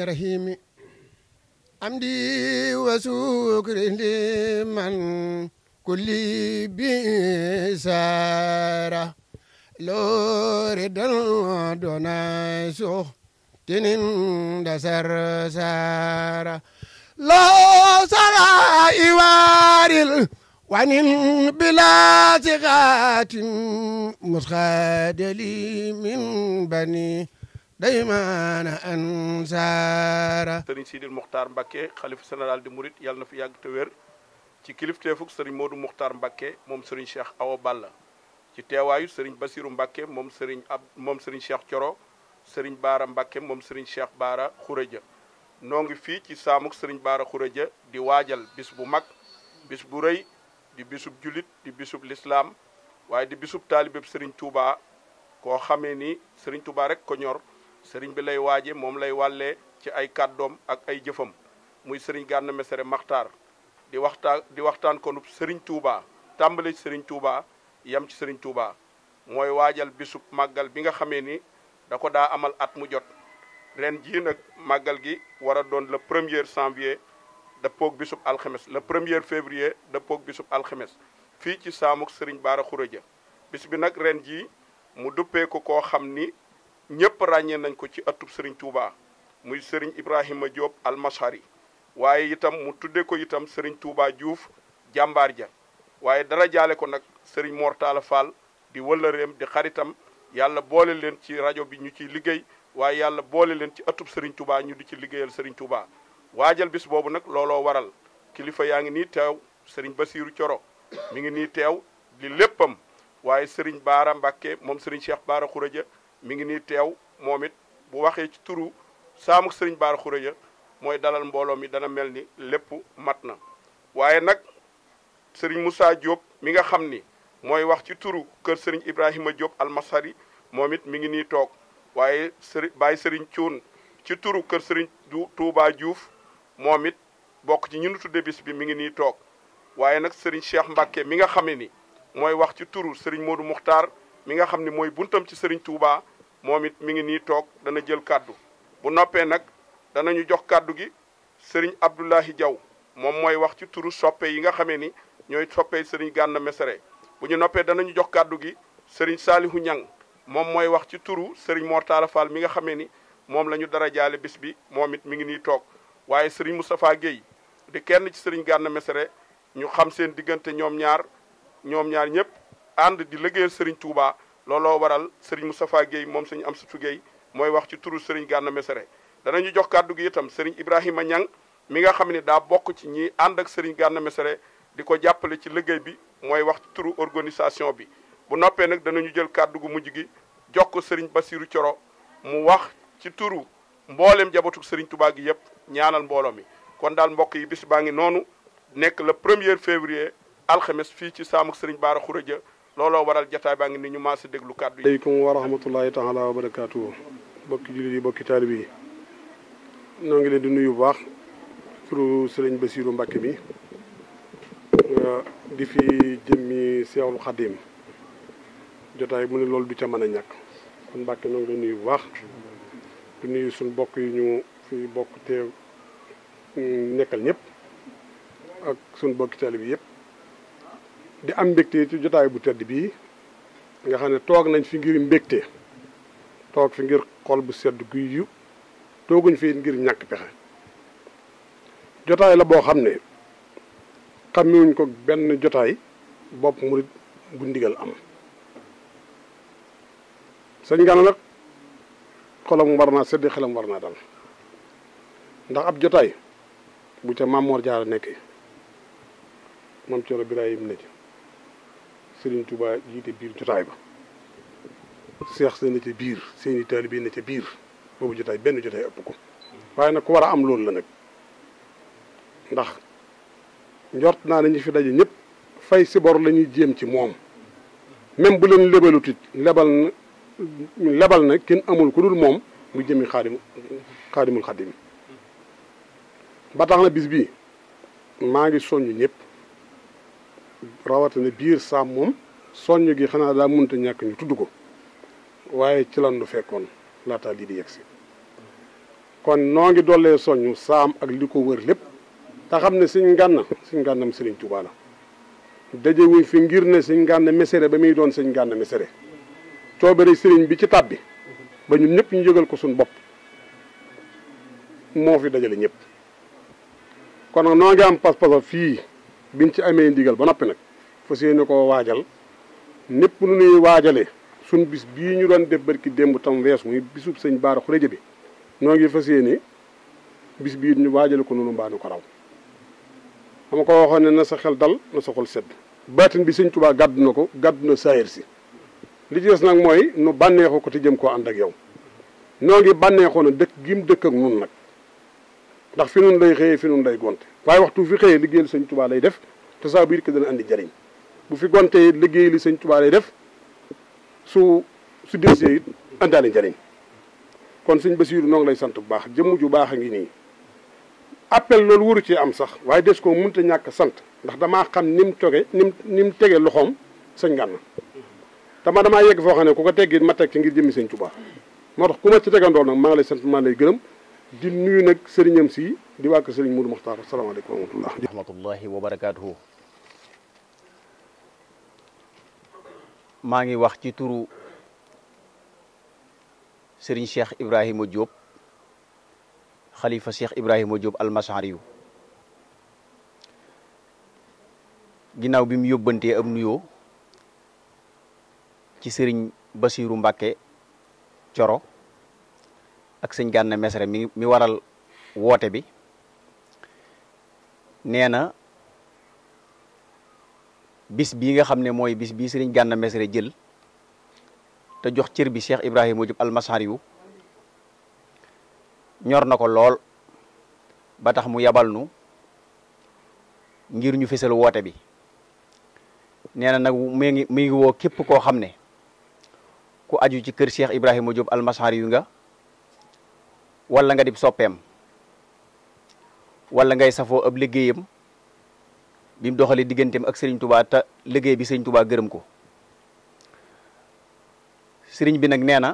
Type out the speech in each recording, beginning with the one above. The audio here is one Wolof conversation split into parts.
الرحيم أمدي وسكر لمن كل بسارة لورد دون سوء تنين دسر سارة لو سرى إواري wanin bila siqaatin musxaadali min bani daymaana ansaara sëriñ Sidil Muxtaar Mbakke xalifa général di murit yàlla na fi yàgg te wér ci kilifteefuk sëriñ Moodu Muxtaar Mbakke moom sëriñ Cheikh Awa Balla ci teewaayu sëriñ Basiru Mbakke moom sëriñ ab moom sëriñ Cheikh Coro sëriñ Baara Mbakke moom sëriñ Cheikh Baara Xuraja noo ngi fii ci saamuk sëriñ Baara Xuraja di waajal bis bu mag bis bu rëy di bisub julit di bisub l'islam waye di bisub taalibeb serigne Touba ko xamé ni serigne Touba rek ko ñor serigne bi lay waje mom lay walé ci ay kaddom ak ay jëfëm muy serigne Gana mesere makhtar di waxtaan di waxtaan nup serigne Touba tambalé serigne Touba yam ci serigne Touba moy wajal bisub magal bi nga xamé ni da ko da amal at mu jot ren ji nak magal gi wara don le le premier janvier dëppoog bisub alxemes le premier février dëppoog bisub alxemes fii ci saamuk sëriñ Baara Xuraja bis bi nag ren ji mu duppee ko koo xam ni ñëpp ràññee nañ ko ci ëttub sëriñ Touba muy sëriñ Ibrahima Diop almashari waaye itam mu tuddee ko itam sëriñ Touba Diouf jàmbaar ja waaye dara jaale ko nag sëriñ Mortala Fall di wëllëreem di xaritam yàlla boole leen ci rajo bi ñu ciy liggéey waaye yàlla boole leen ci ëttub sëriñ Touba ñu di ci liggéeyal sëriñ Touba. Wajal bis bobu nak lolo waral kilifa yaangi ni tew serigne sëriñ cioro mi ngi ni tew li leppam waye serigne bara Mbàkke mom serigne Cheikh bara Xuraja mi ngi ni tew momit bu waxe ci turu saamuk serigne bara Xuraja moy dalal mbolo mi dana melni lepp matna waye nak serigne Moussa Diop mi nga xamni moy wax ci turu keur sering Ibrahima Diop Al Masari. momit mi ngi ni tok waye Baye sëriñ ci turu keur serigne Touba Diouf moom it bokk ci ñi nu tudde bis bi mi ngi nii toog waaye nag Serigne Cheikh Mbacke mi nga xam ne ni mooy wax ci turu Serigne Modou Muxtaar mi nga xam ni mooy buntam ci Serigne Touba moom it mi ngi nii toog dana jël kàddu bu noppee nag danañu jox kàddu gi Serigne Abdoulahi Diaw moom mooy wax ci turu soppe yi nga xamee ni ñooy soppe Serigne Gana Messere bu ñu noppee ñu jox kàddu gi Serigne Salihu Ñang moom mooy wax ci turu Serigne Mortala Fall mi nga xamee ni moom la ñu dara jaale bis bi moom it mi ngi nii toog waaye Serigne Moustapha Guèye di kenn ci Serigne Gana Messere ñu xam seen diggante ñoom ñaar ñoom ñaar ñëpp ànd di liggéeyal Serigne Touba looloo waral Serigne Moustapha Guèye moom am si Guèye mooy wax ci turu Serigne Gana Messere danañu jox kàddu gi itam Serigne Ibrahima Niang mi nga xam ne daa bokk ci ñi ànd ak Serigne Gana Messere di ko jàppale ci liggéey bi mooy wax ci turu organisation bi bu noppee nag danañu jël kàddugu mujj gi jox ko Serigne Bassirou Thioro mu wax ci turu mboolem jabatug sëriñ Touba gi yëpp ñaanal mbooloo mi kon daal mbokk yi bis baa ngi noonu nekk la premier février alxemes fii ci saamuk Serigne Baara Khourédia looloo waral jataay baa ngi ni ñu maa si déglu kàddu yi. aleykum wa rahmatullahi taala wa barakaatu bokki jullit yi bokki taalib yi ñoo ngi leen di nuyu bu baax turu Serigne Bassirou Mbacké mi euh, di fi jëmmi Seexul Xadim jotaay mu ne loolu du ca mën a ñàkk kon Mbacké ñoo ngi leen nuyu bu baax. di nuyu suñu bokk yi ñu fi bokk teew nekkal ñépp ak suñu bokki taalibe bi yëpp di am mbégte ci jotaay bu tedd bii nga xam ne toog nañ fi ngir mbégte toog fi ngir xol bu sedd guy yu tooguñ fi ngir ñàkk pexe jotaay la boo xam ne xamewuñ ko benn jotaay bopp murit bu ndigal am sëñ Gana xolam war naa sedd xelam war naa dal ndax ab jotaay bu ca Maam Mor Jaara nekk Maam Cerno Birahim ne ci Sëriñ Tuubaa jiite biir jotaay ba seex sa na biir seeni taalibe na ca biir boobu jotaay benn jotaay ëpp ko waaye nag ku war a am loolu la nag ndax njort naa ne ñu fi daje ñëpp fay si bor la jéem ci moom même bu leen lebalu tit lebal lebal na kenn amul ku dul moom mu jëmi xaadim xaadimul xadim ba tax na bis bii maa ngi soññ ñépp rawatina biir saam moom soññ gi xanaa daa munta ñàkk ñu tudd ko waaye ci lan lu fekkoon laata lii di si kon noo ngi dollee soññ saam ak li ko wër lépp te xam ne suñ ngànna suñ ngànnam Sëriñ Tuubaa la daje fi ngir ne suñ ngànna mesere ba muy doon suñ ngànna mesere bari sëriñ bi ci tàbbi ba ñu ñëpp ñu yëgal ko suñu bopp moo fi dajale ñëpp kon nag noo ngi am pas-pasa fii biñ ci amee ndigal ba noppi nag fas yéene koo waajal ñëpp nu nuy waajalee suñ bis bii ñu doon def barki démb tam wees muy bisub sëñ Baara Xuréja bi noo ngi fas yéene bis bii ñu waajale ko noonu mbaa nu ko raw dama ko waxoon ne na sa xel dal na sa xol sedd baatin bi sëñ tubaa gàddu na ko gàddu na saayir si li des nag mooy nu bànneexoo ko te jëm koo ànd ak yow noo ngi bànneexoo na dëkk gim dëkk ak nun nag ndax fi nun lay xëyee fi nun lay gonte waaye waxtu fi xëyee liggéeyal sëñ tubaa lay def te saa bu yit dana andi njariñ bu fi gontee liggéey li sëñ tubaa lay def su su desee it andaale njariñ kon sëñ Basiiru noo ngi lay sant bu baax jëmm ju baax a ngi nii appel loolu waru ci am sax waaye des koo mënta ñàkk sant ndax damaa xam ni mu toge ni mu ni loxoom sëñ Gana te ma damaa yegg foo xam ne ku ko teggi ma teg ci ngir jëmmi sëñ Tuubaa moo tax ku ma ci tegandool nag maa ngi lay sant maa ngi lay gërëm di nuyu nag sëriñam si di wàkk sëriñ Mourou Mokhtar asalaamaaleykum wa rahmatullah rahmatullahi wa barakaatuhu maa ngi wax ci turu sëriñ Cheikh Ibrahima Diop xalifa Cheikh Ibrahima Diop almasariyu ginnaaw bi mu yóbbantee am nuyoo ci serigne basirou mbake Coro ak serigne Gànna Mesere mi mi waral wote bi neena bis bi nga xamne moy bis bi serigne Gànna Mesere jël te jox cër bi Cheikh Ibrahima Diop almasar yu ñor nako lol ba tax mu yabal nu ngir ñu fessel wote bi neena nak mi ngi wo kep ko xamne ku aju ci keur Cheikh Ibrahima Diop almashar yu nga wala nga dib sopem wala ngay safo ab liggeyam bim doxali digentem ak Serigne Touba ta liggey bi Serigne Touba geureum ko Serigne bi nak neena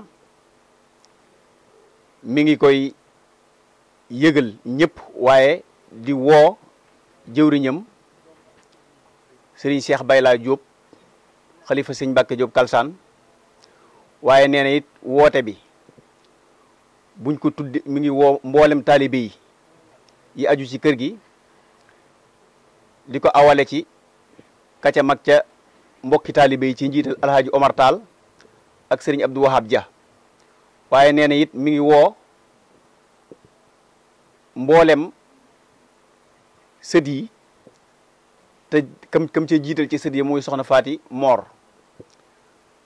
mi ngi koy yëgal ñepp waaye di wo jëwriñam Serigne Cheikh Bayla Diop khalifa Serigne bakay Diop waye nee it wote bi buñ ko tudde mi ngi wo mbollem talibi yi aju ci kër gi liko awale ci katcha mak ca mbokki talibi ci njital alhaji Omar Tal, ak serigne Abdou Wahab Dia waye nee it mi ngi wo mbollem sedi mor, te kam kam ci jital ci sedi moy soxna fati mor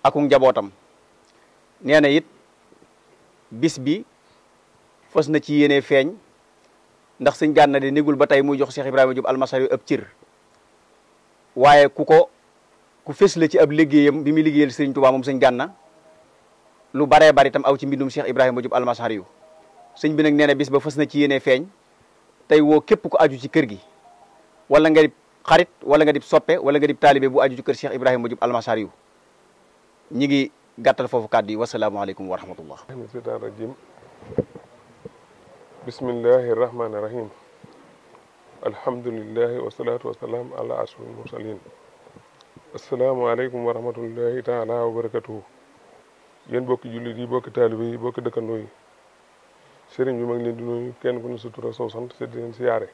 akung Nia na bis bi fos na ci yene feñ ndax sëñ Gana de negul batay mu jox Cheikh Ibrahima djub almasari ab tir waaye kuko ko ku fes la ci ab liggeyam bi mi liggéeyal sëriñ touba mom sëñ Gana lu bare bare tam aw ci mbindum Cheikh Ibrahima djub almasari yu bi nak nee na bis ba fos na ci yene feñ tay wo kep ku aju ci keur gi wala nga dip xarit wala nga dip soppe wala nga dip talibé bu aju ci keur Cheikh Ibrahima djub almasari ñi ngi gàttal fofu kaddi wa salaamu alaykum wa rahmatullah bismillahir rahmanir rahim alhamdulillahi wa salatu wa salam ala asrul mursalin assalamu alaykum wa rahmatullahi taala wa barakatuh yéen bokki julit yi bokki talibi yi bokki dëkkandoo yi serigne bi mag ngi leen di nuyu kenn ku ne sa tura ak sant te di leen siyaare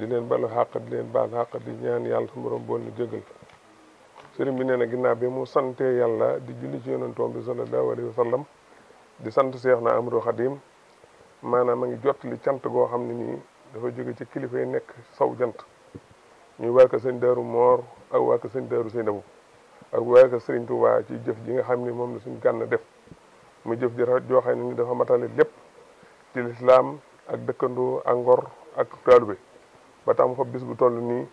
di leen balu xàq di leen baal xàq di ñaan yàlla suñu borom bool ñu jégal sëriñ bi nee na ginnaaw bi mu sante yàlla di julli ci yonantoom bi sallallahu alayhi wa sallam di sant seex na Amadu Xadim maanaam a ngi jot li cant goo xam ne nii dafa jóge ci kilifa yi nekk saw jant ñuy waa ko sëñ Daaru Moor ak waa ko sëñ Daaru Seynabu ak waa ko sëriñ Tuubaa ci jëf ji nga xam ni moom la suñ gànn def mu jëf ji rafet joo xam ne ni dafa matale lépp ci lislaam ak dëkkandoo ak ngor ak taalube ba tax mu fa bis bu toll nii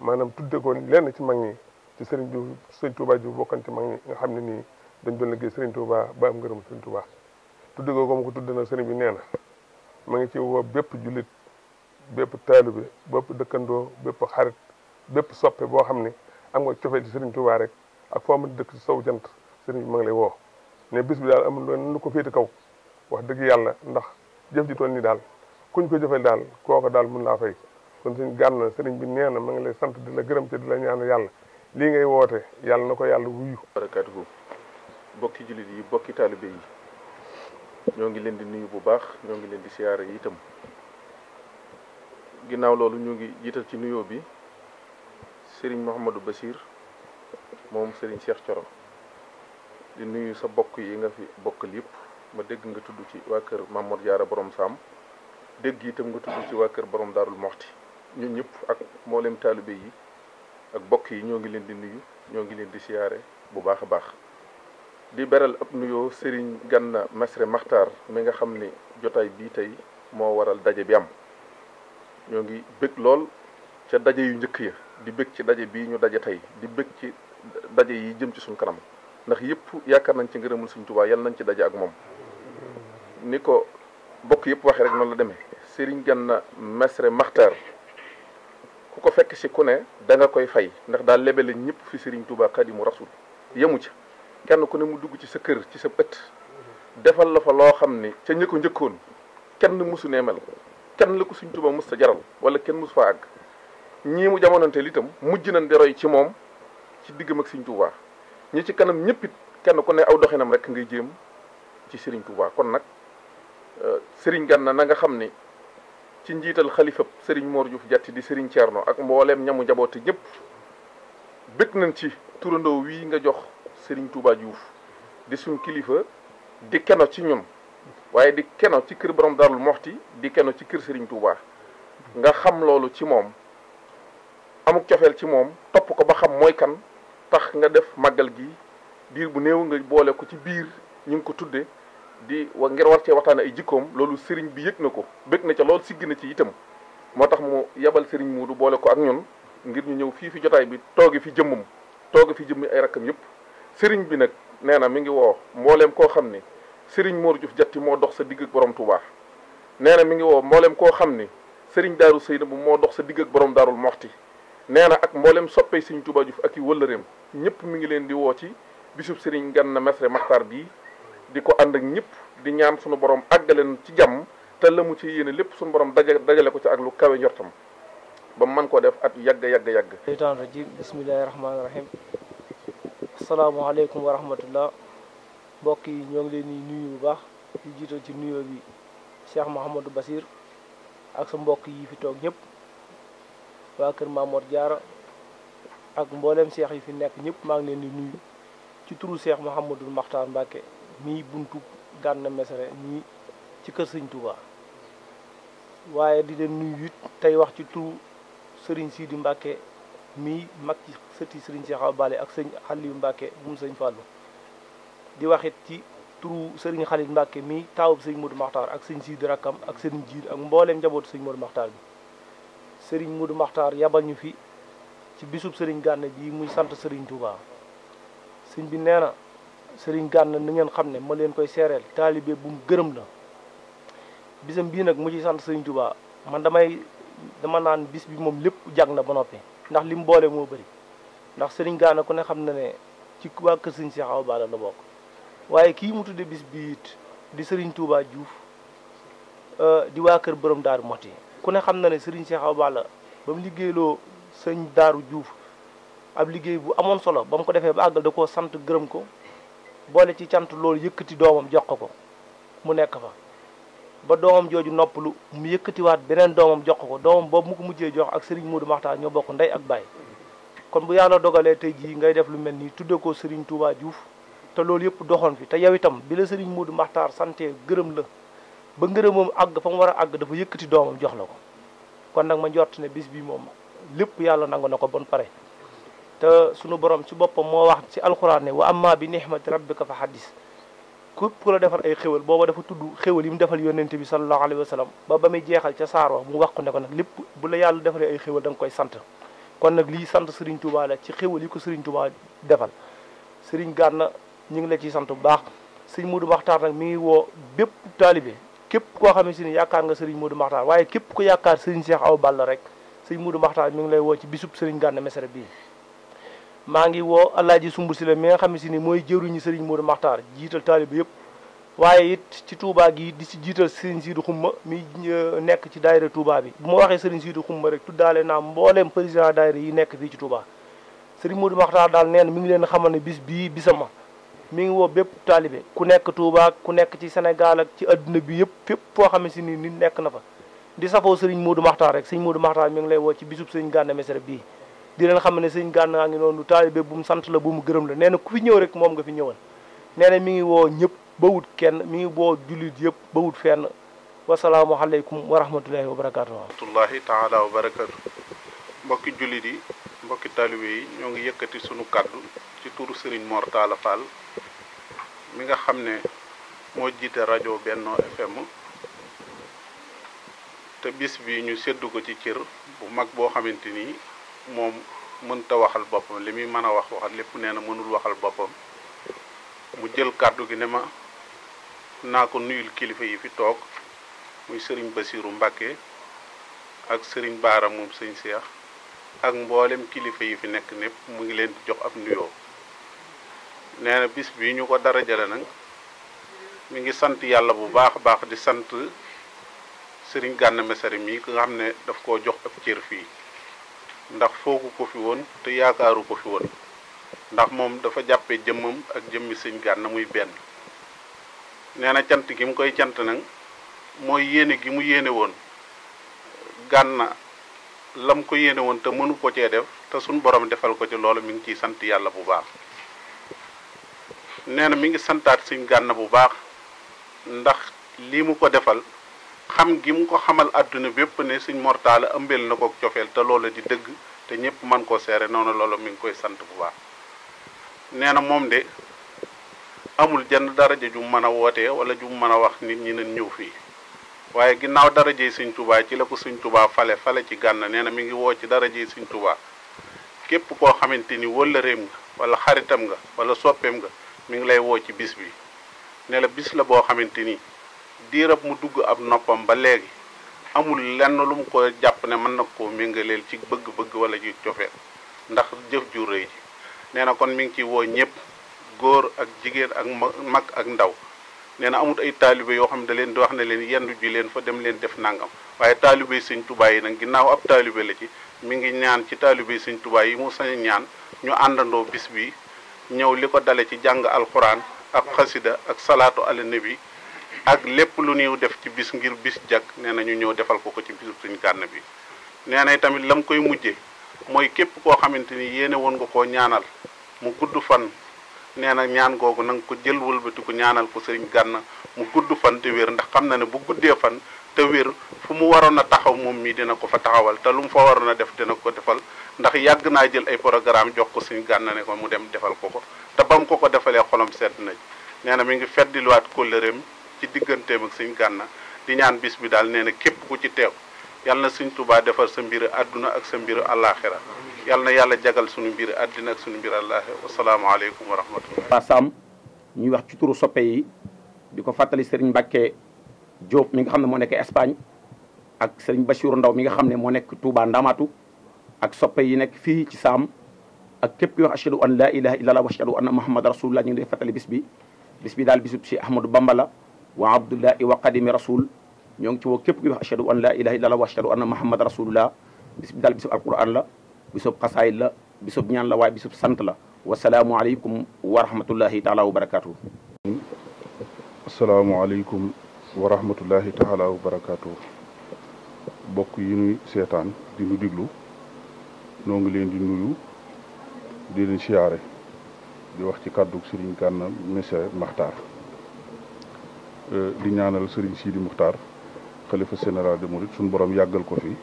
maanaam tudde ko lenn ci mag ñi ci Serigne Diouf Serigne Touba Diouf bokkante mag ñi nga xam ne nii dañ doon liggéey Serigne Touba ba am ngërëm Serigne Touba tudd googu ma ko tudd na Serigne bi nee na ma ngi ci woo bépp jullit bépp taalibe bépp dëkkandoo bépp xarit bépp soppe boo xam ne am nga cofeel ci Serigne rek ak foo dëkk sow jant Serigne bi ma woo ne bis bi daal amul loolu lu ko féete kaw wax dëgg yàlla ndax jëf ji toon ni daal kuñ ko jëfee daal kooka daal mun laa fay kon suñ gànn Serigne bi nee na ma ngi lay sant di la gërëm te di la ñaan yàlla lii ngay woote yàlla na ko yàlla wuyu. barakaatuhu bokki jullit yi bokki taalibe yi ñoo ngi leen di nuyu bu baax ñoo ngi leen di siyaare yi itam ginnaaw loolu ñu ngi jiital ci nuyoo bi sëriñ Mouhamadou Bassir moom Serigne Cheikh coro di nuyu sa bokk yi nga fi bokkal yëpp ma dégg nga tudd ci waa kër Mamour Diarra boroom Sam dégg tam nga tudd ci waa kër Borom Darul Moxti ñu ñëpp ak mboolem taalibe yi. ak bokk yi ñoo ngi leen di nuyu ñoo ngi leen di siyaare bu baax a baax di beral ab nuyoo gan na mesre Maxtaar mi nga xam ni jotaay bii tey moo waral daje bi am ñoo ngi bëgg lool ca daje yu njëkk ya di bëgg ci daje bii ñu daje tey di bëgg ci daje yi jëm ci suñ kanam ndax yëpp yaakaar nañ ci ngërëmul Sëriñ Tuubaa yal nañ ci daje ak moom ni ko bokk yëpp waxee rek noonu la demee Serigne Ganna Messere Maxtaar ku ko fekk si ku ne da koy fay ndax daal lebele ñëpp fi Serigne Touba Xadimu Rasul yemu ca kenn ku ne mu dugg ci sa kër ci sa pët defal la fa loo xam ni ca ña ko njëkkoon kenn mësu nee mel kenn la ko Serigne Touba mës sa jaral wala kenn mësu fa àgg ñii mu jamonoonteel itam mujj na di roy ci moom ci diggam ak Serigne Touba ñi ci kanam ñëpp it kenn ku ne aw doxinam rek ngay jéem ci Serigne Touba kon nag euh, Serigne Ganna na nga xam ni. ci njiital xalifab Serigne Mor Diouf Diatty di Serigne Thierno ak mbooleem ñamu njaboote ñëpp bëgg nañ ci turandoo wii nga jox sëriñ Touba Diouf di suñ kilifa di keno ci ñun waaye di keno ci kër borom Darou Moxti di keno ci kër Serigne Touba nga xam loolu ci moom amuk cofeel ci moom topp ko ba xam mooy kan tax nga def màggal gi biir bu néew nga boole ko ci biir ñu ngi ko tudde di ngir war cee waxtaan ay jikkoom loolu sëriñ bi yëg na ko bëgg na ca loolu siggi na ci itam moo tax mu yebal sëriñ du boole ko ak ñun ngir ñu ñëw fii fi jotaay bi tooge fi jëmmam tooge fi jëmmi ay rakkam yëpp sëriñ bi nag nee na mi ngi woo mbooleem koo xam ni sëriñ Mor juf Jatti moo dox sa digg ak borom Touba nee na mi ngi woo mbooleem koo xam ni sëriñ Daaru Seynabu moo dox sa digg ak borom Daarul Moxti nee na ak mbooleem soppey sëriñ Touba Diouf ak i wëllëreem ñëpp mi ngi leen di woo ci bisub sëriñ Ganna Messere Maxtaar bii di and ak ñepp di ñaan suñu borom àggaleen ci jàmm te la mu ci yene lepp suñu borom dajale ko ci ak lu kawé ñortam ba man ko def at yàgg yàgg yàgg. shaytan rajim bismillahi rahmaani rahim asalaamaaleykum wa rahmatullah mbokk yi ñong leen ni nuyu bu baax di jiital ci nuyu bi Cheikh mohammed Basir ak sa mbokk yi fi tok ñepp wa keur mamour diara ak mbollem cheikh yi fi nekk ñepp ma ngi leen di nuyu ci turu Cheikh Mouhamadou Makhtar mbake mii buntu Gana Messere ñii ci kër sëñ Touba waaye di leen nuyu it tey wax ci turu sëriñ sii Sidi Mbacke mii mag ci sëti sëriñ Cheikh Awa Bale ak sëñ Aliou Mbacke moom sëñ di wax it ci turu sëriñ Khalil Mbacke mii taawub sëñ Modou Makhtar ak sëñ Sidi Rakam ak sëriñ Jiir ak mbooleem njaboot sëñ Modou Makhtar bi sëriñ Modou Makhtar yabal ñu fi ci bisub sëriñ Gana bi muy sant sëriñ Touba sëñ bi nee sëriñ Gana ni ngeen xam ne ma leen koy seereel taalibe bu gërëm la bisam bii nag mu ci sant sëriñ Touba man damay dama naan bis bi moom lépp jag na ba noppi ndax li mu boole moo bari ndax sëriñ gaana ku ne xam na ne ci waa kër sëriñ Cheikh Awa Balla la bokk waaye kii mu tudde bis bi di sëriñ Touba Diouf euh, di waa kër borom daaru Moti ku ne xam na ne sëriñ Cheikh Awa Balla ba mu liggéeyloo sëñ daaru juuf ab liggéey bu amoon solo ba mu ko defee ba àggal koo sant gërëm ko boole ci cant loolu yëkkati doomam jox ko ko mu nekk fa ba doomam jooju noppalu mu yëkkatiwaat beneen doomam jox ko doomam boo mu ko mujjee jox ak Serigne Modou Makhtar ñoo bokk ndey ak baay kon bu yàlla dogalee tey jii ngay def lu mel nii tudde ko Serigne Touba Diouf te loolu yëpp doxoon fi te yow itam bi la Serigne du Makhtar sante gërëm la ba ngërëmam àgg fa mu war a àgg dafa yëkkati doomam jox la ko kon nag ma njort ne bis bi moom lépp yàlla nangu na ko bon pare te sunu borom ci boppam moo wax ci alxuraan ne wa amma bi neex ma nihmati ko fa xaddis képp ku la defal ay xéwal booba dafa tudd xéwal yi mu defal yónnent bi sallallahu alayhi wa sallam ba ba muy jeexal ca saar wax mu wax ko ko nag lépp bu la yàlla defalee ay xéwal da koy sant kon nag lii sant Serigne Touba ci xéwal yi ko Serigne Touba defal Serigne Gana ñu ngi la ciy sant bu baax Serigne Modou Makhtar nag mi ngi woo bépp taalibe képp koo xam ne yaakaar nga Serigne Modou Makhtar waaye képp ku yaakaar Serigne Cheikh Awa Balla rek Serigne Modou Makhtar mi ngi lay woo ci bisub Serigne Gana Messere bii maa ngi woo alaaji sumbu si la mi nga xam ne si ni mooy jëruñu sëriñ Modou Makhtar jiital taaliba yëpp waaye it ci Touba gi di si jiital sëriñ Sidou Xumba mi euh, nekk ci daayira Touba bi bu waxee sëriñ Sidou Xumba rek daale naa mbooleem président daayira yi nekk fii ci Touba sëriñ Modou Makhtar daal nee na mi ngi leen xamal ne bis bii bisama mu ngi woo bépp taalibe ku nekk Touba ku nekk ci Sénégal ak ci adduna bi yëpp fépp foo xam si ni nit nekk na fa di safoo sëriñ Modou Makhtar rek sëriñ Modou Makhtar mi ngi lay woo ci bisub sëriñ Gana bii di leen xam ne sëñ gànnaa ngi noonu taalibe bu mu sant la bu mu gërëm la nee na ku fi ñëw rek moom nga fi ñëwal nee na mi ngi woo ñëpp ba wut kenn mi ngi woo jullit yëpp ba wut fenn wasalaamu aleykum wa rahmatullahi wa barakaatu rahmatullahi taala wa barakaatu mbokki jullit yi mbokki taalibe yi ñoo ngi yëkkati sunu kàddu ci turu sëriñ Mor Talla Fall mi nga xam ne moo jiite rajo Benno FM te bis bi ñu séddu ko ci cër bu mag boo xamante ni moom mënta waxal boppam li muy mën a wax waxal lépp nee na mënul waxal boppam mu jël kàddu gi ne ma naa ko nuyul kilifa yi fi toog muy sëriñ Basiiru Mbàkke ak sëriñ Baara moom sëñ Seex ak mboolem kilifa yi fi nekk népp mu ngi leen jox ab nuyoo nee bis bi ñu ko dara jële nag mu ngi sant yàlla bu baax a baax di sant sëriñ Gana Messere mii ki nga xam ne daf koo jox ab cër fii ndax foogu ko fi woon te yaakaaru ko fi woon ndax moom dafa jàppee jëmmam ak jëmmi sëñ Gana muy benn nee na cant gi mu koy cant nag mooy yéene gi mu yéene woon Gana lam ko yéene woon te mënu ko cee def te suñ borom defal ko ci loolu mi ngi ciy sant yàlla bu baax nee na mi ngi santaat sëñ Gana bu baax ndax lii mu ko defal xam gi mu ko xamal àdduna bépp ne suñ mortaala ëmbeel na ko cofeel te loola di dëgg te ñëpp man koo seere noonu looloo mu ngi koy sant bu baax nee na moom de amul jenn dara ja ju mën a wootee wala jum mën a wax nit ñi nañ ñëw fii waaye ginnaaw daraje yi suñ tubaa ci la ko suñ tubaa fale fale ci gànn nee na mi ngi woo ci daraje yi suñ tubaa képp koo xamante ni wëllëreem nga wala xaritam nga wala soppeem nga mi ngi lay woo ci bis bi ne la bis la boo xamante ni diirab mu dugg ab noppam ba léegi amul lenn lu mu ko jàpp ne mën na koo méngaleel ci bëgg-bëgg wala ci cofeel ndax jëf ju rëy ji nee na kon mi ngi ci woo ñëpp góor ak jigéen ak mag ak ndaw nee na amut ay taalibe yoo xam ne da leen di wax ne leen yendu ji leen fa dem leen def nangam waaye taalibe sëñ tubaay yi nag ginnaaw ab taalibe la ci mi ngi ñaan ci taalibe sëñ tubaay yi mu sañ ñaan ñu àndandoo bis bi ñëw li ko dale ci jàng alxuraan ak xasida ak salaatu ala nabi ak lépp lu ñuy def ci bis ngir bis jàkk nee na ñu ñëw defal ko ko ci bisu suñu gànn bi nee na tamit lam koy mujje mooy képp koo xamante ni yéene woon nga koo ñaanal mu gudd fan nee na ñaan googu na ko jël wëlbati ko ñaanal ko sëriñ gànn mu gudd fan te wér ndax xam na ne bu guddee fan te wér fu mu waroon a taxaw moom mii dina ko fa taxawal te lu mu fa waroon a def dina ko defal ndax yàgg naa jël ay programme jox ko suñu gànn ne ko mu dem defal ko ko te ba ko ko defalee xolom sedd nañ nee na mi ngi feddiluwaat kóllëreem ci digganteem ak suñ ganna di ñaan bis bi dal neena na képp ku ci teew yalla na tuba tubaa sa mbir aduna ak sa mbir alakhirah yalla yalla jagal suñu mbir adina ak suñu mbir salaamu alaykum wa rahmatullah pasam ñuy wax ci turu soppe yi di fatali fàttali sëriñ Job mi nga xam mo nekk Espagne ak sëriñ bashir Ndaw mi nga xam mo moo nekk Touba Ndamatu ak soppe yi nekk fi ci sam ak kep ki ashhadu an la ilaha illallah wa ashhadu anna muhammad rasulullah ñu ngi fatali bis bi bis bi dal bisub si Ahmadou Bamba وعبد الله وقديم رسول نيون تي وكيب كي اشهد ان لا اله الا الله واشهد ان محمد رسول الله بسم الله بسم القران لا بسم قصايد لا بسم نيان لا واي بسم سنت لا والسلام عليكم ورحمه الله تعالى وبركاته السلام عليكم ورحمه الله تعالى وبركاته بوك يي نوي شيطان دي نو ديغلو نونغ لين دي نويو دي لين شياري دي واخ تي كادوك سيرين كانام مختار di ñaanal Serigne Sidi mukhtar khalifa général de Mouride sun borom yagal ko fi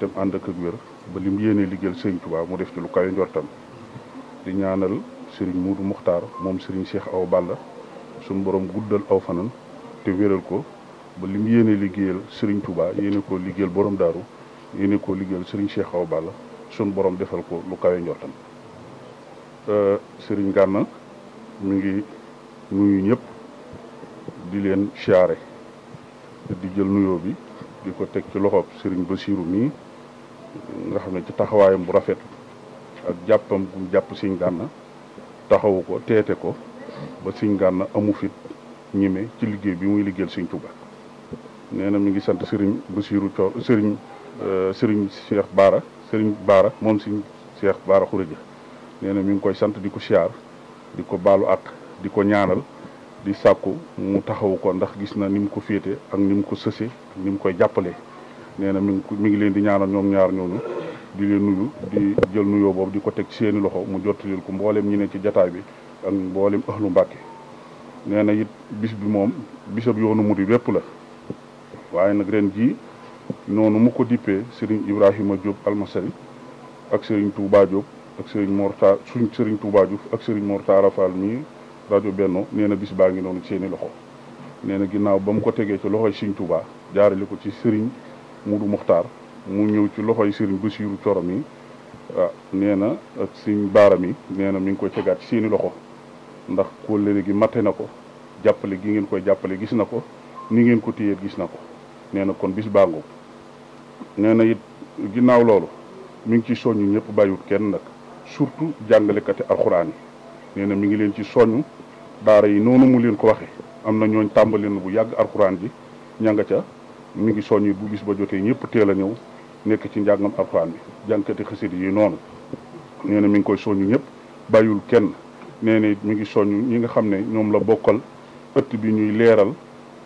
dem anda ak wér ba lim yene liggéeyal Serigne Touba mu def ci lu kawe ndortam di ñaanal Serigne Moudou Muxtaar mom Serigne Cheikh Aw Balla sun borom guddal aw fanan te wéral ko ba lim yene liggéeyal Serigne Touba yene ko liggéeyal borom daru yene ko liggéeyal Serigne Cheikh Aw Balla sun borom defal ko lu ndortam euh Serigne ganna mi ngi nuyu di leen siyaare di jël nuyoo bi di ko teg ci loxoob Serigne siiru nii nga xam ne ci taxawaayam bu rafet ak jàppam gum jàpp Sëñ Gànna taxawu ko teete ko ba Sëñ Gànna amu fit ñime ci liggéey bi muy liggéeyal Sëñ Tuuba nee na mi ngi sant Serigne Bassirou Thior Serigne euh, Serigne Cheikh Baara Serigne Baara moom Sëñ Cheikh Baara Khourédia nee na mi ngi koy sant di ko siyaar di ko baalu ak di ko ñaanal di sàkku mu taxaw ko ndax gis na ni ko féete ak ni ko sëse ak ni koy jàppale nee na mi ngi mi ngi leen di ñaanal ñoom ñaar ñooñu di leen nuyu di jël nuyoo boobu di ko teg ci seeni loxo mu jottali ko mbooleem ñi ne ci jataay bi ak mbooleem ahlu Mbàkke nee na it bis bi moom bisab yoonu mu di bépp la waaye nag ren jii noonu mu ko dippee sëriñ Ibrahima Diop almasari ak sëriñ Touba Diop ak sëriñ Morta suñ sëriñ Touba Diop ak sëriñ Morta Rafal mii rajo Benno nee na bis baa ngi noonu seeni loxo nee na ginnaaw ba mu ko tegee ci loxoy Sëriñ Tuubaa jaarale ko ci Sëriñ Mudu Muxtaar mu ñëw ci loxoy Sëriñ Basiiru Coro mi waaw ah, nee na ak Sëriñ Baara mi nee na ngi koy tegaat ci seeni loxo ndax kóllëre gi matte na ko jàppale gi ngeen koy jàppale gis na ko ni ngeen ko téyee gis na ko nee na kon bis baa ngoog nee na it ginnaaw loolu mu ngi ci soññ ñëpp bàyyiwut kenn nag surtout jàngalekati alxuraan yi nee na mi ngi leen ci soñu daara yi noonu mu leen ko waxee am na ñooñ tàmbali na bu yàgg alxuraan bi ña nga ca mi ngi soññi bu bis ba jotee ñëpp teel a ñëw nekk ci njàngam alxuraan bi jànkati xasida yi noonu nee na mi ngi koy soññu ñëpp bàyyul kenn nee na mi ngi soññu ñi nga xam ne ñoom la bokkal ëtt bi ñuy leeral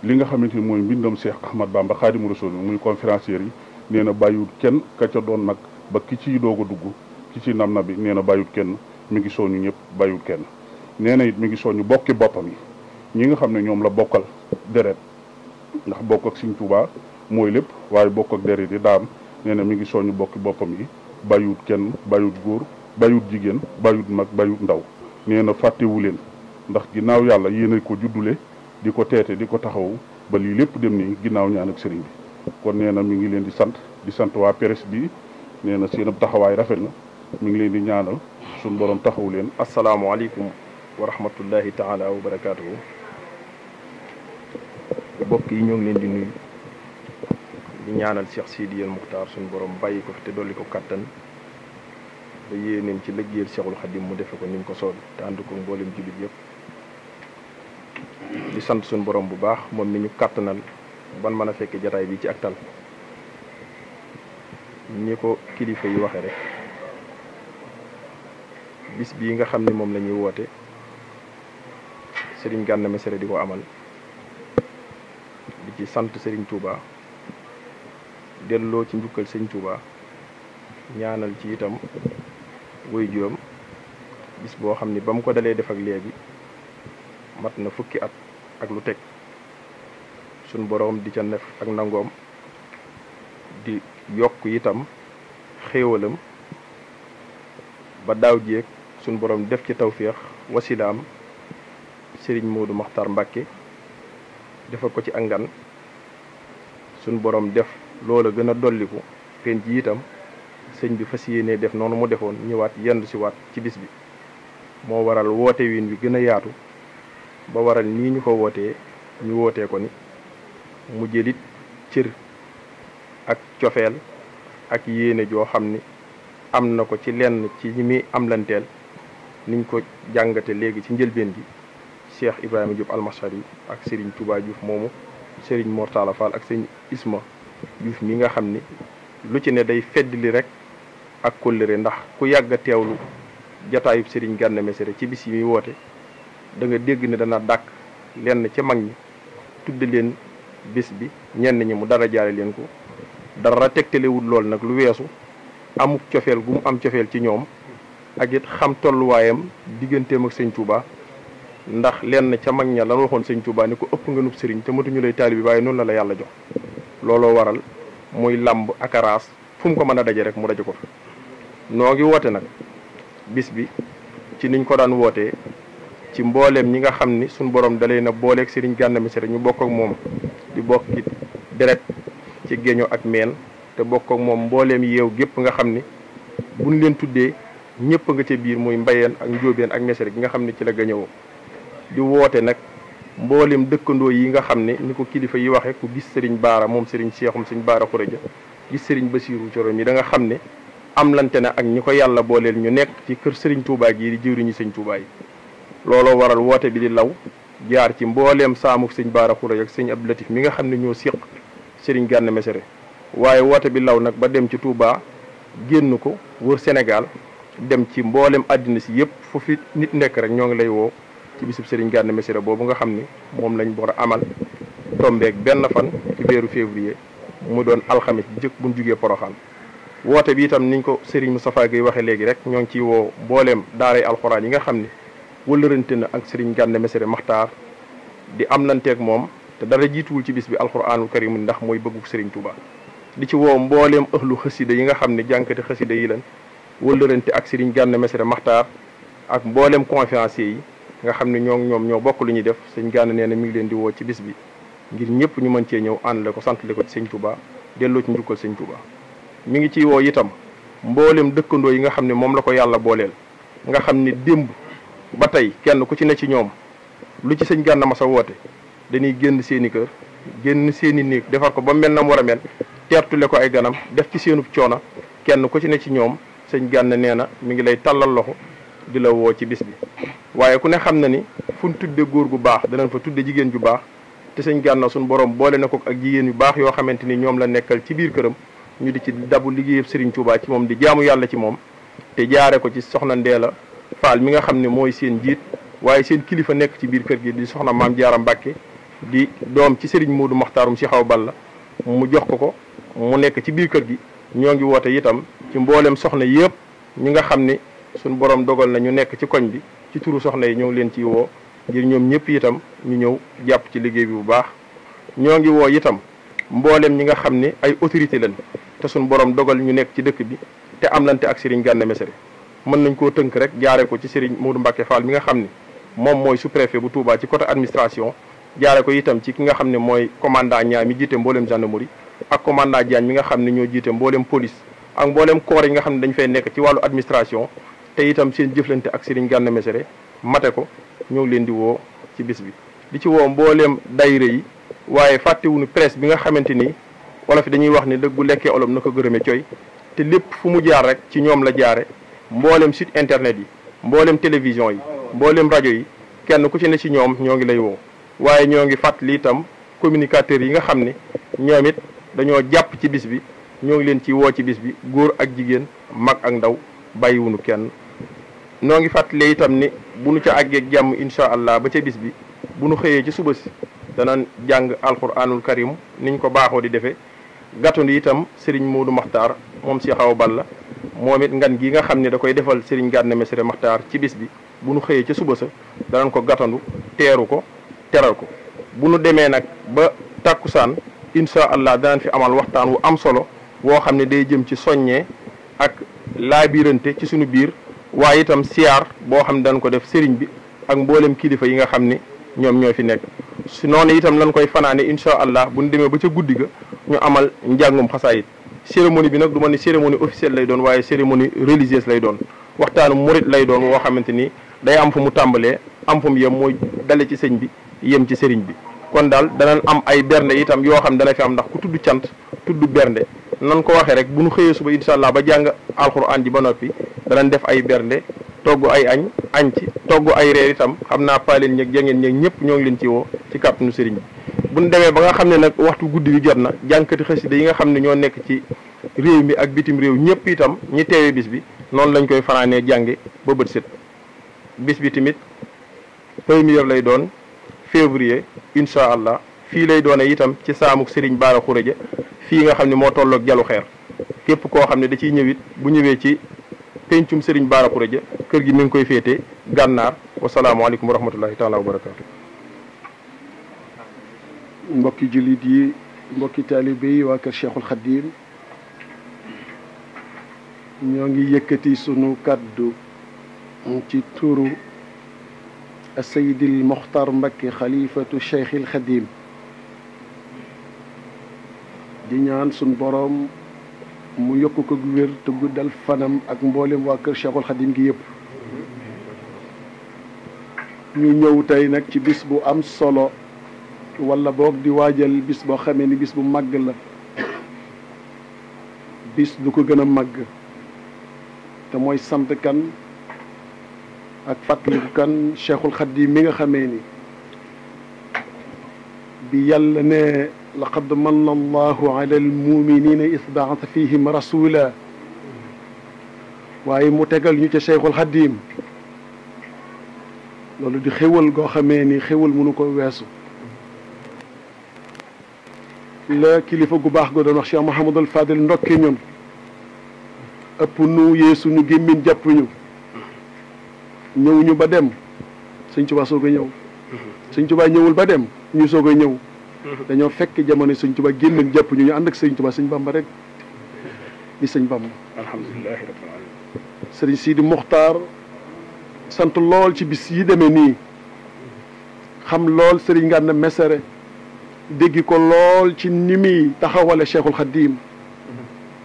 li nga xamante ni mooy mbindam Cheikh Ahmad Bamba Xaadimu Rasuul muy conférencier yi nee na bàyyul kenn ka ca doon nag ba ki ci doog a dugg ki ci nam na bi nee na bàyyul kenn mi ngi sooñu ñëpp bàyyul kenn nee na it mi ngi sooñu bokki boppam yi ñi nga xam ne ñoom la bokkal deret ndax bokk ak Sëriñ Tuubaa mooy lépp waaye bokk ak deret yi daam nee na mi ngi sooñu bokki boppam yi bàyyut kenn bàyyut góor bàyyut jigéen bàyyut mag bàyyut ndaw nee na fàttewu leen ndax ginnaaw yàlla yéen a ko juddule di ko teete di ko taxaw ba lii lépp dem ni ginnaaw ñaan ak sëriñ bi kon nee na mi ngi leen di sant di sant waa presse bi nee na seen ab taxawaay rafet na ñu leen di ñaanal suñu borom taxaw leen wa rahmatullahi taala wa barakaatuhu mbokk yi ñoo ngi leen di nuyu di ñaanal cheikh sidi al muxtaar suñu borom bàyyi ko fi te doli ko kàttan ba yéeneem ci lëggéeyal cheikhul khadim mu defe ko ni ko sool te ànd ko mboolem julit yëpp di sant suñu borom bu baax moom mi ñu ban mën a bi ci aktal ko kilifa yi waxe rek bis bii nga xam ne moom lañuy woote sëriñ Gana Messere di ko amal di ci sant sëriñ Touba delloo ci njukkal Serigne Touba ñaanal ci itam wuy juróom bis boo xam ni ba mu ko dalee def ak léegi mat na fukki at ak lu teg suñ boroom di ca nef ak nangoom di yokk itam xéewalam ba daaw jéeg suñ boroom def ci tawféex wasilaam sëriñ Moodu Maxtaar Mbàkke defal ko ci ak ngan boroom borom def loola gën a dolliku fen ji itam sëñ bi fas yéenee def noonu mu defoon ñëwaat yendu si waat ci bis bi moo waral woote wiin wi gën a yaatu ba waral nii ñu ko wootee ñu wootee ko ni mu jëlit cër ak cofeel ak yéene joo xam ni am na ko ci lenn ci ñi muy amlanteel niñ ko jàngate léegi ci njëlbeen gi Cheikh Ibrahima Diop almasar yi ak Serigne Touba Diouf moomu Serigne Mortala ak Serigne Isma Diouf mi nga xam ni lu ci ne day fedd feddli rek ak kóllëre ndax ku yàgg a teewlu jataayub Serigne Ganna Messere ci bis yi muy woote da nga dégg ne dana dàkk lenn ci mag ñi tudd leen bis bi ñenn ñi mu dara jaare leen ko dara tegtalewul lool nag lu weesu amuk cofeel gu mu am cofeel ci ñoom ak it xam tolluwaayam digganteem ak sëñ Touba ndax lenn ca mag ña lan waxoon sëñ Touba ni ko ëpp nga nub sëriñ te matuñu lay taali bi waaye noonu la la yàlla jox looloo waral muy làmb ak araas fu mu ko mën a daje rek mu daje ko fa noo ngi woote nag bis bi ci niñ ko daan wootee ci mbooleem ñi nga xam ni suñ borom dalay na booleeg sëriñ Gana Messere ñu bokk ak moom di bokk ci deret ci géño ak meen te bokk ak moom mbooleem yeew gépp nga xam ni buñ leen tuddee ñëpp nga ca biir muy mbayeen ak njóobeen ak mesere gi nga xam ne ci la gañëwoo di woote nag mboolem dëkkandoo yi nga xam ne ni ko kilifa yi waxe ku gis sëriñ baara moom sëriñ seexum sëriñ baara xuraja gis sëriñ basiiru coro mi da xam ne am na ak ñi ko yàlla booleel ñu nekk ci kër sëriñ tuubaa gi di sëñ tuubaa looloo waral woote bi di law jaar ci mbooleem saamu sëñ baara xuraja ak sëñ ab latif mi nga xam ne ñoo siq sëriñ gànn messere waaye woote bi law nag ba dem ci tuubaa génn ko wër sénégal dem ci mbooleem àddina si yëpp foofu fi nit nekk rek ñoo ngi lay woo ci bisub Serigne Gana Messere boobu nga xam ni moom lañ war a amal tombeek benn fan ci weeru février mu doon alxamis jëkk buñ jugee Poroxaan woote bi itam niñ ko Serigne Moustapha gi waxee léegi rek ñoo ngi ciy woo mbooleem daaray alxuraan yi nga xam ni wëlërante na ak Serigne gànne Messere Maxtaar di am lanteeg moom te dara jiituwul ci bis bi alxuraanul karim ndax mooy bëggu Serigne Touba di ci woo mbooleem ëxlu xasida yi nga xam ne jànkati xasida yi lan wëllërante ak Serigne Ganna Messere Maxtaar ak mboolem conférencier yi nga xam ne ñoo ñoom ñoo bokk lu ñuy def sëñ Ganna nee na mi ngi leen di woo ci bis bi ngir ñëpp ñu mën cee ñëw ànd la ko sant la ko ci sëñ Touba delloo ci njukkal sëñ Touba. mi ngi ciy woo itam mboolem dëkkandoo yi nga xam ne moom la ko yàlla booleel nga xam ne démb ba tey kenn ku ci ne ci ñoom lu ci sëñ Ganna Massa woote dañuy génn seeni kër génn seeni néeg defar ko ba mel na mu war mel teertule ko ay ganam def ci seenub coona kenn ku ci ne ci ñoom. sëñ Gana nee na mi ngi lay tàllal loxo di la woo ci bis bi waaye ku ne xam na ni fu ñu tudde góor gu baax danañ fa tuddee jigéen ju baax te sëñ Gana suñu borom boole na ko ak jigéen yu baax yoo xamante ni ñoom la nekkal ci biir këram ñu di ci dabu liggéeyab Sëriñ Tuubaa ci moom di jaamu yàlla ci moom te jaare ko ci soxna la Faal mi nga xam ne mooy seen jiit waaye seen kilifa nekk ci biir kër gi di soxna maam Jaara Mbàkke di doom ci Sëriñ Moodu Maxtaarum si xaw bal la mu jox ko ko mu nekk ci biir kër gi ñoo ngi woote itam ci mbooleem soxna yëpp ñi nga xam ni suñ borom dogal na ñu nekk ci koñ bi ci turu soxna yi ñoo leen ci woo ngir ñoom ñëpp itam ñu ñëw jàpp ci liggéey bi bu baax ñoo ngi woo itam mboolem ñi nga xam ni ay autorité lañ te suñ borom dogal ñu nekk ci dëkk bi te am lante ak Serigne Ganna Messere mën nañ koo tënk rek jaare ko ci Serigne Modou Mbacke Fall mi nga xam ni moom mooy sous-préfet bu tuubaat ci côté administration jaare ko itam ci ki nga xam ne mooy commandant ñaa mi jiite mboolem gendarmerie ak commandant Diagne mi nga xam ne ñoo jiite mboolem police ak mboolem corps yi nga xam ne dañ fay nekk ci wàllu administration te itam seen jëflante ak Serigne Gana Messere mate ko ñoo leen di woo ci bis bi. di ci woo mbooleem dayre yi waaye fàttewuñu presse bi nga xamante ni yi dañuy wax ni dëgg bu lekkee olom na ko gërëme coy te lépp fu mu jaar rek ci ñoom la jaare mboolem site internet yi mboolem télévision yi mboolem rajo yi kenn ku ci ne ci ñoom ñoo ngi lay woo waaye ñoo ngi fàttali itam communicateurs yi nga xam ne ñoom it dañoo jàpp ci bis bi ñoo ngi leen ci woo ci bis bi góor ak jigéen mag ak ndaw bàyyiwunu kenn noo ngi fàttale itam ni bu nu ca àggee jàmm incha allah ba ca bis bi bu nu xëyee ci suba si danañ jàng alquranul karim niñ ko baaxoo di defee gàttandu itam Serigne Modou Makhtar moom si xaw balla moom it ngan gi nga xam ne da koy defal Serigne Gana Messere Makhtar ci bis bi bu nu xëyee ca suba sa danañ ko gàttandu teeru ko teral ko bu nu demee nag ba tàkkusaan incha allah danañ fi amal waxtaan wu am solo woo xam ne day jëm ci soññee ak laabirante ci suñu biir waaye itam siyaar boo xam ne dañ ko def sëriñ bi ak mboolem kilifa yi nga xam ni ñoom ñoo fi nekk si noonu itam lan koy fanaane incha allah bu ñu demee ba ca guddi ga ñu amal njàngum xasaayit cérémonie bi nag du ma ne cérémonie officielle lay doon waaye cérémonie religieuse lay doon waxtaanu murit lay doon woo xamante ni day am fu mu tàmbalee am fu yem mooy dale ci sëñ bi yem ci sëriñ bi kon daal dana am ay bernde itam yoo xam dana fi am ndax ku tudd cant tudd bernde nan ko waxee rek bu nu xëyee suba incha ba jàng alxuraan ji ba noppi danañ def ay bernde togg ay añ añ ci togg ay reer itam xam naa paaleen ñeeg jangeen ñeeg ñëpp ñoo ngi leen ci woo ci kàttanu sëriñ bi bu ñu demee ba nga xam ne nag waxtu guddi bi jot na jànkati xasida yi nga xam ne ñoo nekk ci réew mi ak bitim réew ñëpp itam ñi teewee bis bi noonu lañ koy fanaanee jànge ba bët set bis bi tamit lay doon février incha allah fii lay doone itam ci saamuk Serigne Bara Khourédia fii nga xam ni moo tollook jalu xeer képp koo xam ne da ciy ñëwit bu ñëwee ci pencum Serigne Bara Khourédia kër gi mi ngi koy féete gànnaar wasalaamaaleykum wa rahmatullahi taala wa barakaatu mbokki jullit yi mbokki taalibe yi waa kër Cheikhul Khadim ñoo ngi yëkkati sunu kàddu ci tuuru السيد المختار مكي خليفة الشيخ الخديم دينان سن بروم مو يوكو كو وير تو شيخ الخديم جي ييب ني نييو بو ام سولو ولا بوك دي واجال بيس بو خامي ني بو ماغ لا دوكو غنا ماغ تا موي ak fàttaliku kan cheikhul xadim mi nga xamee ni bi yàlla ne laqad manna allahu ala almuminina is baasa fihim rasula waaye mu tegal ñu ca cheikhul xadim loolu di xéwal goo xamee ni xéwal mënu ko weesu la kilifa gu baax go doon wax cheikh mahamadul fadil ndokke ñun ëpp nu yeesu ñu gémmin jàpp ñu ñu ba dem señ tuba soog a ñëw sëñ Tuubaa ba dem ñu soog a ñëw dañoo fekk jamono señ tuba genn jàpp ñu ñu and ak señ tuba señ Bamba rek di señ Bamba alhamdulilah rabbil alamin señ Sidi Muxtaar sant lol ci bis yi demee ni xam lol señ ngand Mesere deggi ko lol ci nimi taxawale Cheikhul Khadim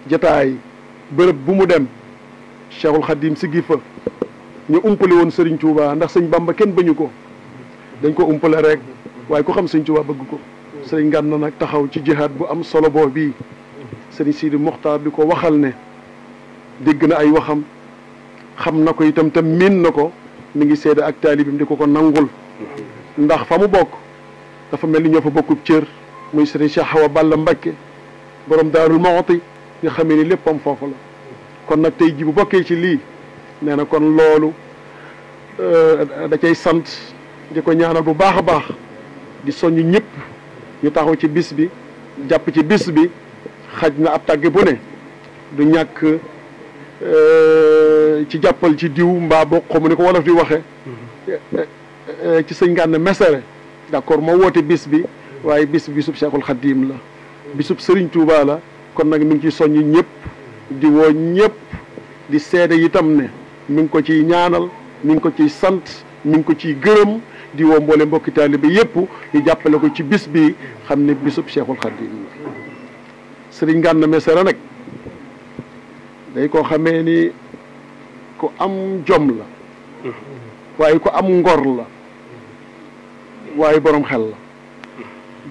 jotaay beurep bu mu dem Cheikhul Khadim sigifa ñu umpale won serigne Touba ndax serigne Bamba kenn bañu ko dañ ko umpale rek way ko xam serigne Touba bëgg ko serigne Gànna nak taxaw ci jihad bu am solo bo bi serigne Sidi Moxtaar diko ko waxal ne degg na ay waxam xam nako itam tam min nako mi ngi seede ak talibim diko ko nangul ndax famu bok dafa melni ñofa bokku cër muy serigne Cheikh hawa Balla borom darul ñu xamé ni leppam fofu la kon nak tay ji bu bokké ci li nee na kon loolu euh, da cay sant di ko ñaanal bu baax a baax di soññ ñëpp ñu taxaw ci bis bi jàpp ci bis bi xaj na ab tàgg bu ne du ñàkk euh, ci jàppal ci diw mbaa bokk xamu ni ko wolof di waxe euh, ci sëñ Gana Messere d'accord moo woote bis bi waaye bis bi bisub Cheikhul Khadim la bisub Serigne Touba la kon nag mi ngi ciy soññ ñëpp di woo ñëpp di seede itam ne ning nyanal, ko ci ñaanal ning ko ci sant ning ko ci gërëm di wo mbolé mbokk taalibe yépp di jappalé ko ci bis bi xamné ne bisub Cheikhul Khadim Serigne nak day ko xamé ni ku am jom la waye ku am ngor la waye borom xel la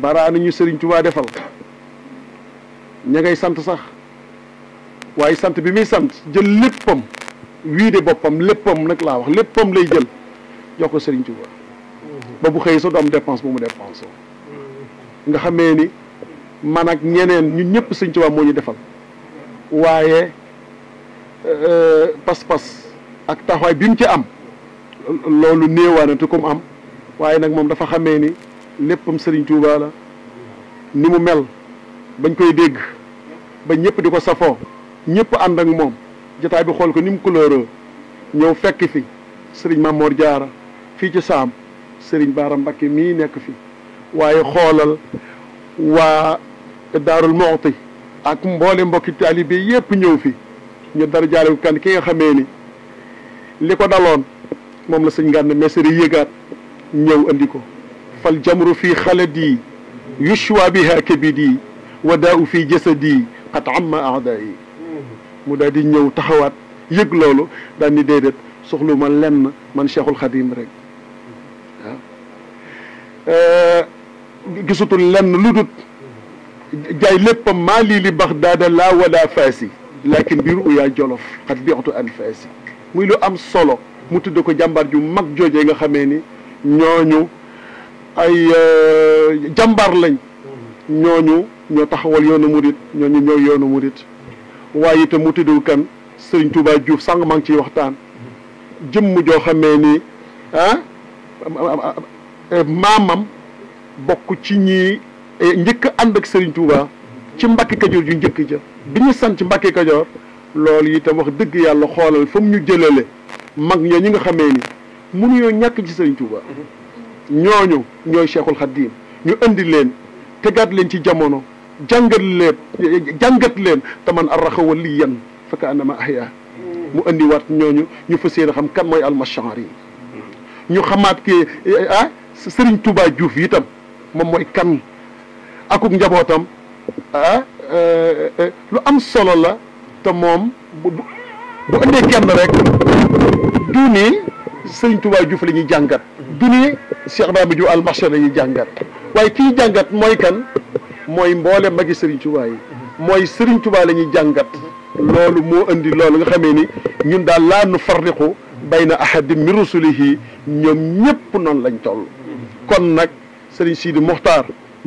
baraani ñu Serigne Touba defal ña sante sax waye sant bi mi sante jël leppam wiide bopam leppam nak la wax leppam lay jël jox ko Serigne Touba ba bu xey so du am dépense bu mu dépense nga xamé ni man ak ñeneen ñun ñepp Serigne Touba moo ñu defal euh pas-pas ak taxawaay bi mu ci am lolu neewana te kum am waaye nak mom dafa xamé ni leppam Serigne Touba la ni mu mel bañ koy dégg ba ñepp di safo ñepp and ak mom jotaay bi xool ko ni mu couleur ñëw fekk fi sëriñ Mamor Diarra fii ci saam sëriñ Baara Mbakke mii nekk fi waaye xoolal waa Daarul Muxti ak mboole mbokki taalibe yépp ñëw fi ñu dara jaale kan ki nga xamee ni li ko daloon moom la sëñ Gana Messere yëgaat ñëw andi ko fal jamru fii xaladi yushwa biha kabidi wa daa u fii jasadi qad amma aada yi mu daal di ñëw taxawaat yëg loolu daal ni déedéet soxlu ma lenn man cheikhul xadim rek waaw euh, gisutul lenn lu dut jaay léppam maa lii li bax daada laa wala faasi lakin biir uyaa jolof xat bixatu an faasi muy lu am solo mu tudd ko jàmbaar ju mag joojee nga xamee ni ñoo ñu ay euh, jàmbaar lañ mm-hmm. ñooñu ñoo taxawal yoonu murit ñooñu ñooy yoonu murit waaye itam mu tudd kan sëriñ Touba Diouf sàng maa ngi ciy waxtaan jëmm joo xamee ni ah maamam bokk ci ñi eh, njëkk ànd ak sëriñ Touba ci Mbàkke Kajoor ju njëkk ja bi ñu sant ci Mbàkke Kajoor loolu itam wax dëgg yàlla xoolal fa mu ñu jëlale mag ñoo ñi nga xamee ni mënuñoo ñàkk ci sëriñ Touba mm-hmm. ñooñu ñooy Cheikhul Khadim ñu indi leen tegaat leen ci jamono jangat leen te man arraxa waliyan fa ka annama ahya mu andi wat ñooñu ñu fa xam kan al mashari ñu xamaat ke ah sëriñ tuba juuf itam mom moy kan akuk njabotam ah eh, lu am solo la te mom bu ande kenn rek du ni sëriñ tuba juuf la ñuy jàngat du ni cheikh ibrahima al mashari la jangat waye ki jangat moy kan moy mbolé magi Serigne Touba yi moy Serigne Touba la jangat jàngat mo andi indi nga xamé ni ñun daal la nu farriqu bayna ahad min rusulihi ñom ñepp non lañ toll kon nak Serigne Sidi mi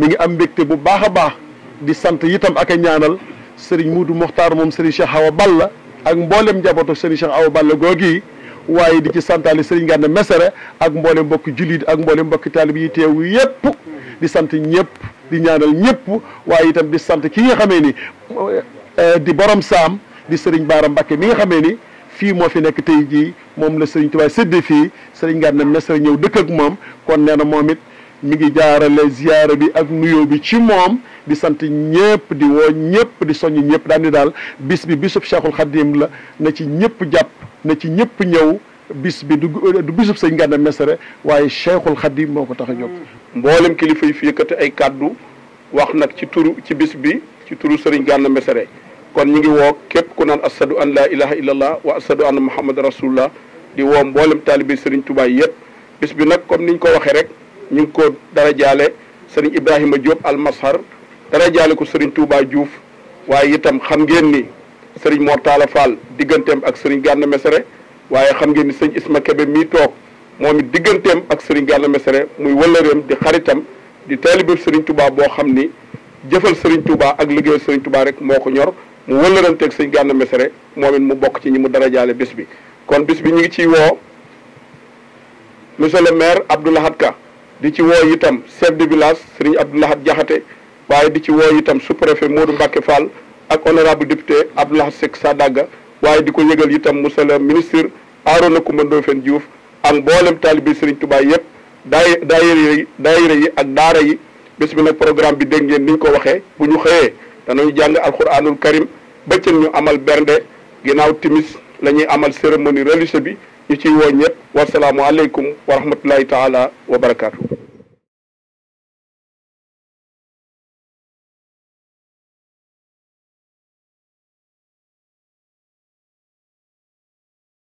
ngi am bekté bu baaxa baax di sante yitam ak ñaanal Serigne Muudu Mokhtar mom Serigne Cheikh Awa Balla ak mboolem njabootu Serigne Cheikh Awa Balla gogi waye di ci Serigne Gana Mesere ak mboolem mbok julit ak mboolem mbok talib yi yépp di sante ñepp di ñaanal ñëpp waaye itam di sant ki nga xamee ni eh, di borom saam di sëriñ Baara Mbacke bi nga xamee ni fii moo fi nekk tey jii moom la sëriñ Tuubaa sédde fii sëriñ na Messere ñëw dëkk ak moom kon nee na moom it mi ngi jaarale ziyaara bi ak nuyoo bi ci moom di sant ñëpp di woo ñëpp di soññ ñëpp daan ni daal bis bi bisub Cheikhul Khadim la na ci ñëpp jàpp na ci ñëpp ñëw bis bi du du bisub sëñ Gana Messere waaye Cheikhul Khadim moo ko tax a jóg. mboolem kilifa yi fi yëkkati ay kàddu wax nag ci turu ci bis bi ci turu sëriñ Gana Messere kon ñu ngi woo képp ku naan asadu an laa ilaha illallah wa asadu anna muhammad rasulullah di woo mboolem taalibe sëriñ Touba yëpp bis bi nag comme ñu ko waxee rek ñu ngi ko dara jaale sëriñ Ibrahima Diop almashar dara jaale ko sëriñ Touba Diouf waaye itam xam ngeen ni sëriñ Mor Talla Fall digganteem ak sëriñ Gana Messere waaye xam ngeen ni sëñ Isma Kebe mii toog moom it digganteem ak sëriñ Gana Messere muy wëllëreem di xaritam di taalibe sëriñ Touba boo xam ni jëfal sëriñ Touba ak liggéeyal sëriñ Touba rek moo ko ñor mu wëllëranteeg sëñ Gana Messere moom it mu bokk ci ñi mu dara jaale bés bi. kon bis bi ñu ngi ciy woo monsieur le maire Abdou Ka di ci woo itam chef de village sëriñ Abdou Lahad Jaxate waaye di ci woo itam sous-préfet Modou Mbacke Fall ak honorable député Abdou Lahad Seck Sadaga waaye di ko yëgal itam monsieur le ministre Arona Coumba Ndoffène Diouf ak mboolem taalibe Serigne Touba yëpp daay daayira yi daayira yi ak daara yi bés bi nag programme bi dégg ngeen ni ñu ko waxee bu ñu xëyee danañu jàng alxuraanul karim bëccëg ñu amal bernde ginnaaw timis la ñuy amal cérémonie religieuse bi ñu ciy woo ñëpp wasalaamualeykum wa rahmatullahi taala wa barakaatu.